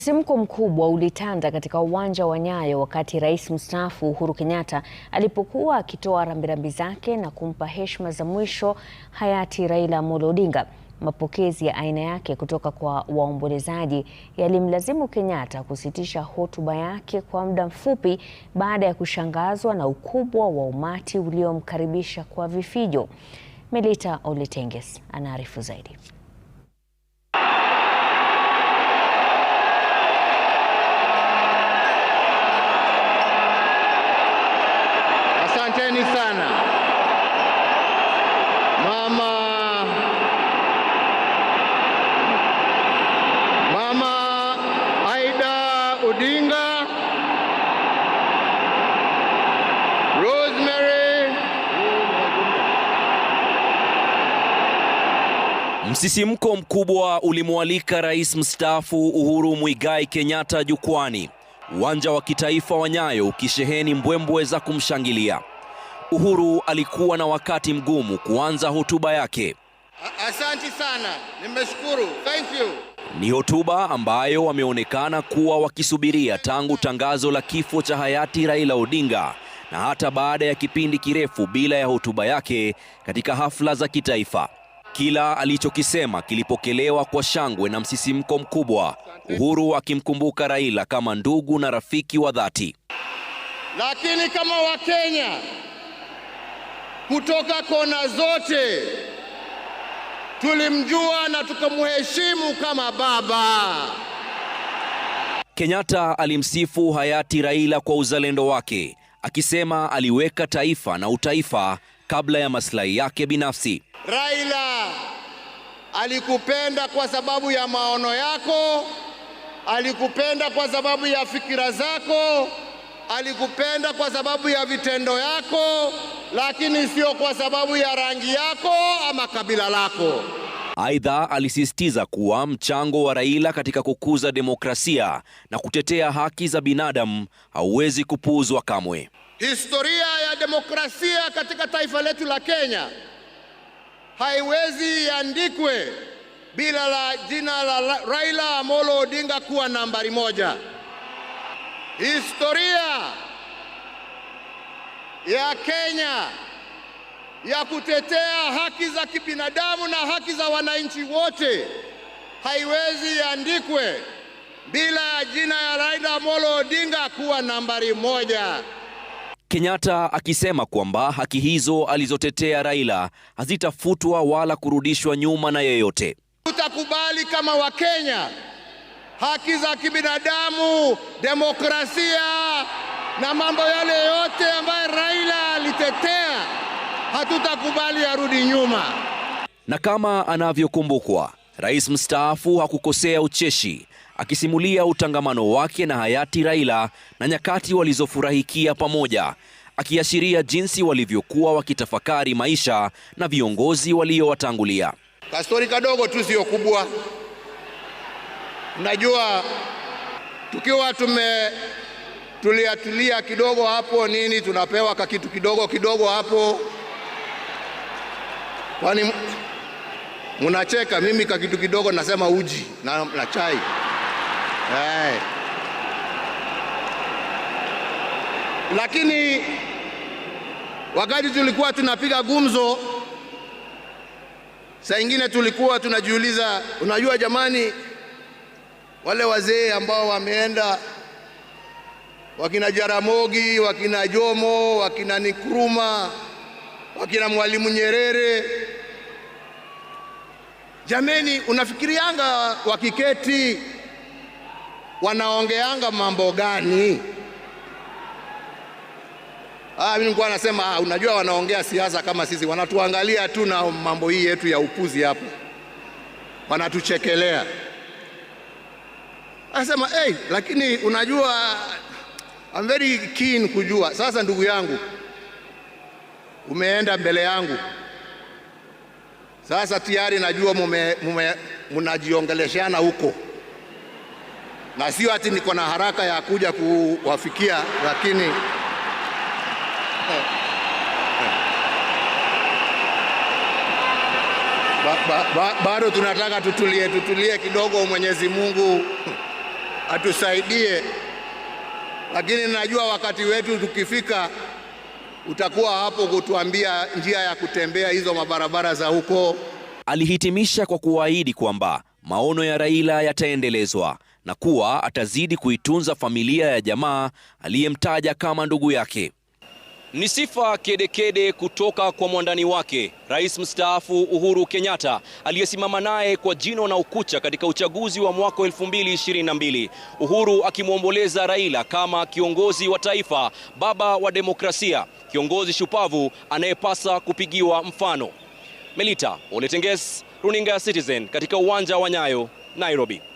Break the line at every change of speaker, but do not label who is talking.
Msisimko mkubwa ulitanda katika uwanja wa Nyayo wakati rais mstaafu Uhuru Kenyatta alipokuwa akitoa rambirambi zake na kumpa heshima za mwisho hayati Raila Amolo Odinga. Mapokezi ya aina yake kutoka kwa waombolezaji yalimlazimu Kenyatta kusitisha hotuba yake kwa muda mfupi baada ya kushangazwa na ukubwa wa umati uliomkaribisha kwa vifijo. Melita Oletenges anaarifu zaidi.
karibuni sana mama mama Aida Odinga, Rosemary.
Msisimko mkubwa ulimwalika Rais mstaafu Uhuru Muigai Kenyatta jukwani, uwanja wa kitaifa wa Nyayo ukisheheni mbwembwe za kumshangilia. Uhuru alikuwa na wakati mgumu kuanza hotuba yake.
Asante sana, nimeshukuru. Thank you.
Ni hotuba ambayo wameonekana kuwa wakisubiria tangu tangazo la kifo cha hayati Raila Odinga na hata baada ya kipindi kirefu bila ya hotuba yake katika hafla za kitaifa. Kila alichokisema kilipokelewa kwa shangwe na msisimko mkubwa, Uhuru akimkumbuka Raila kama ndugu na rafiki wa dhati.
Lakini kama Wakenya kutoka kona zote. Tulimjua na tukamheshimu kama baba.
Kenyatta alimsifu hayati Raila kwa uzalendo wake, akisema aliweka taifa na utaifa kabla ya maslahi yake binafsi.
Raila alikupenda kwa sababu ya maono yako, alikupenda kwa sababu ya fikira zako, alikupenda kwa sababu ya vitendo yako lakini sio kwa sababu ya rangi yako ama kabila lako.
Aidha, alisisitiza kuwa mchango wa Raila katika kukuza demokrasia na kutetea haki za binadamu hauwezi kupuuzwa kamwe.
Historia ya demokrasia katika taifa letu la Kenya haiwezi iandikwe bila la jina la Raila Amolo Odinga kuwa nambari moja. Historia ya Kenya ya kutetea haki za kibinadamu na haki za wananchi wote haiwezi iandikwe bila ya jina ya Raila Amolo Odinga kuwa nambari moja.
Kenyatta akisema kwamba haki hizo alizotetea Raila hazitafutwa wala kurudishwa nyuma na yeyote.
Tutakubali kama Wakenya haki za kibinadamu, demokrasia na mambo yale yote ambayo Raila alitetea hatutakubali arudi nyuma.
Na kama anavyokumbukwa, rais mstaafu hakukosea ucheshi akisimulia utangamano wake na hayati Raila na nyakati walizofurahikia pamoja, akiashiria jinsi walivyokuwa wakitafakari maisha na viongozi waliowatangulia.
Kastori kadogo tu, sio kubwa. Unajua, tukiwa tume tuliatulia kidogo hapo nini, tunapewa kakitu kidogo kidogo hapo. Kwani mnacheka? Mimi ka kitu kidogo nasema uji na, na chai hey. Eh. Lakini wakati tulikuwa tunapiga gumzo, saa ingine tulikuwa tunajiuliza, unajua jamani, wale wazee ambao wameenda wakina Jaramogi, wakina Jomo, wakina Nikruma, wakina Mwalimu Nyerere. Jameni, unafikirianga wakiketi wanaongeanga mambo gani? Ah, mimi nilikuwa nasema ah, unajua wanaongea siasa kama sisi, wanatuangalia tu na mambo hii yetu ya upuzi hapa, wanatuchekelea. Anasema hey, lakini unajua I'm very keen kujua. Sasa ndugu yangu, umeenda mbele yangu, sasa tayari najua mnajiongeleshana huko, na sio ati niko na haraka ya kuja kuwafikia, lakini ba, ba, ba, bado tunataka tutulie, tutulie kidogo. Mwenyezi Mungu atusaidie lakini najua wakati wetu tukifika utakuwa hapo kutuambia njia ya kutembea hizo mabarabara za huko.
Alihitimisha kwa kuahidi kwamba maono ya Raila yataendelezwa na kuwa atazidi kuitunza familia ya jamaa aliyemtaja kama ndugu yake.
Ni sifa kedekede kutoka kwa mwandani wake Rais mstaafu Uhuru Kenyatta aliyesimama naye kwa jino na ukucha katika uchaguzi wa mwaka 2022. Uhuru akimwomboleza Raila kama kiongozi wa taifa, baba wa demokrasia, kiongozi shupavu anayepasa kupigiwa mfano. Melita Oletenges, Runinga Citizen katika uwanja wa Nyayo, Nairobi.